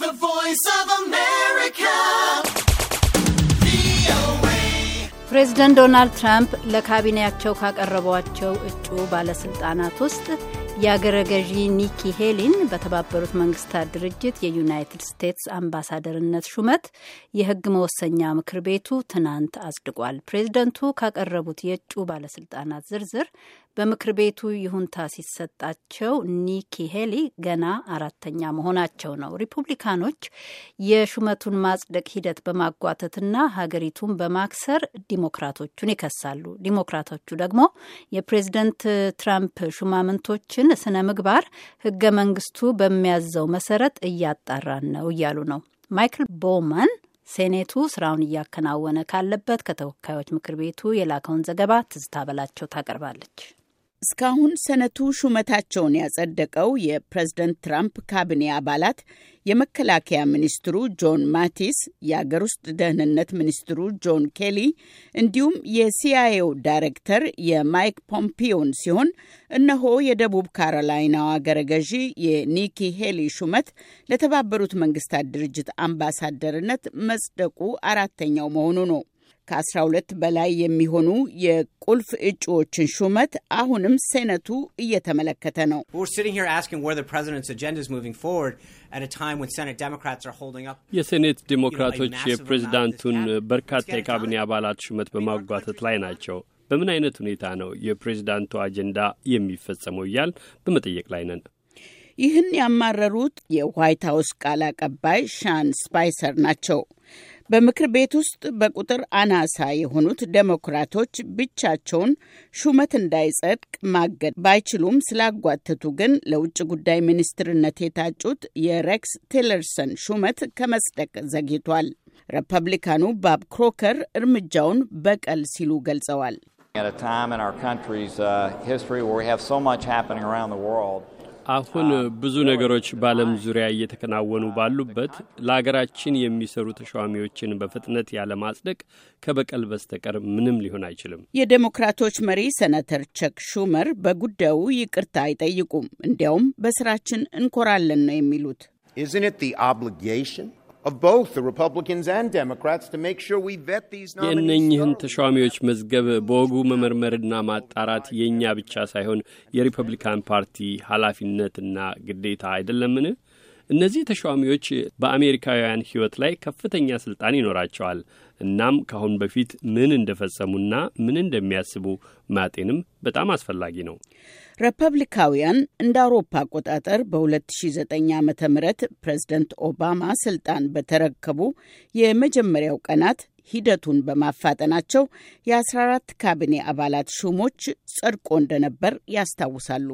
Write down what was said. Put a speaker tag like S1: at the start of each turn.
S1: The Voice of America.
S2: ዶናልድ ትራምፕ ለካቢኔያቸው ካቀረቧቸው እጩ ባለስልጣናት ውስጥ የአገረ ገዢ ኒኪ ሄሊን በተባበሩት መንግስታት ድርጅት የዩናይትድ ስቴትስ አምባሳደርነት ሹመት የህግ መወሰኛ ምክር ቤቱ ትናንት አጽድቋል። ፕሬዝደንቱ ካቀረቡት የእጩ ባለስልጣናት ዝርዝር በምክር ቤቱ ይሁንታ ሲሰጣቸው ኒኪ ሄሊ ገና አራተኛ መሆናቸው ነው። ሪፑብሊካኖች የሹመቱን ማጽደቅ ሂደት በማጓተትና ሀገሪቱን በማክሰር ዲሞክራቶቹን ይከሳሉ። ዲሞክራቶቹ ደግሞ የፕሬዝደንት ትራምፕ ሹማምንቶችን ስነ ምግባር ህገ መንግስቱ በሚያዘው መሰረት እያጣራን ነው እያሉ ነው። ማይክል ቦውማን ሴኔቱ ስራውን እያከናወነ ካለበት ከተወካዮች ምክር ቤቱ የላከውን ዘገባ ትዝታ በላቸው ታቀርባለች። እስካሁን
S1: ሰነቱ ሹመታቸውን ያጸደቀው የፕሬዝደንት ትራምፕ ካቢኔ አባላት የመከላከያ ሚኒስትሩ ጆን ማቲስ፣ የአገር ውስጥ ደህንነት ሚኒስትሩ ጆን ኬሊ እንዲሁም የሲአይኤው ዳይሬክተር የማይክ ፖምፒዮን ሲሆን እነሆ የደቡብ ካሮላይና አገረ ገዢ የኒኪ ሄሊ ሹመት ለተባበሩት መንግስታት ድርጅት አምባሳደርነት መጽደቁ አራተኛው መሆኑ ነው። ከ12 በላይ የሚሆኑ የቁልፍ እጩዎችን ሹመት አሁንም ሴነቱ
S2: እየተመለከተ ነው።
S3: የሴኔት ዴሞክራቶች የፕሬዚዳንቱን በርካታ የካቢኔ አባላት ሹመት በማጓተት ላይ ናቸው። በምን አይነት ሁኔታ ነው የፕሬዚዳንቱ አጀንዳ የሚፈጸመው እያል በመጠየቅ ላይ ነን።
S1: ይህን ያማረሩት የዋይት ሀውስ ቃል አቀባይ ሻን ስፓይሰር ናቸው። በምክር ቤት ውስጥ በቁጥር አናሳ የሆኑት ዴሞክራቶች ብቻቸውን ሹመት እንዳይጸድቅ ማገድ ባይችሉም ስላጓተቱ ግን ለውጭ ጉዳይ ሚኒስትርነት የታጩት የሬክስ ቲለርሰን ሹመት ከመጽደቅ ዘግይቷል። ሪፐብሊካኑ ባብ ክሮከር እርምጃውን በቀል ሲሉ ገልጸዋል።
S3: አሁን ብዙ ነገሮች በዓለም ዙሪያ እየተከናወኑ ባሉበት ለሀገራችን የሚሰሩ ተሿሚዎችን በፍጥነት ያለማጽደቅ ከበቀል በስተቀር ምንም ሊሆን አይችልም።
S1: የዴሞክራቶች መሪ ሰነተር ቸክ ሹመር በጉዳዩ ይቅርታ አይጠይቁም። እንዲያውም በስራችን እንኮራለን ነው የሚሉት።
S3: የእነኝህን ተሿሚዎች መዝገብ በወጉ መመርመርና ማጣራት የእኛ ብቻ ሳይሆን የሪፐብሊካን ፓርቲ ኃላፊነትና ግዴታ አይደለምን? እነዚህ ተሿሚዎች በአሜሪካውያን ሕይወት ላይ ከፍተኛ ስልጣን ይኖራቸዋል። እናም ከአሁን በፊት ምን እንደፈጸሙና ምን እንደሚያስቡ ማጤንም በጣም አስፈላጊ ነው።
S1: ሪፐብሊካውያን እንደ አውሮፓ አቆጣጠር በ2009 ዓ ም ፕሬዝደንት ኦባማ ስልጣን በተረከቡ የመጀመሪያው ቀናት ሂደቱን በማፋጠናቸው የ14 ካቢኔ አባላት ሹሞች ጸድቆ እንደነበር ያስታውሳሉ።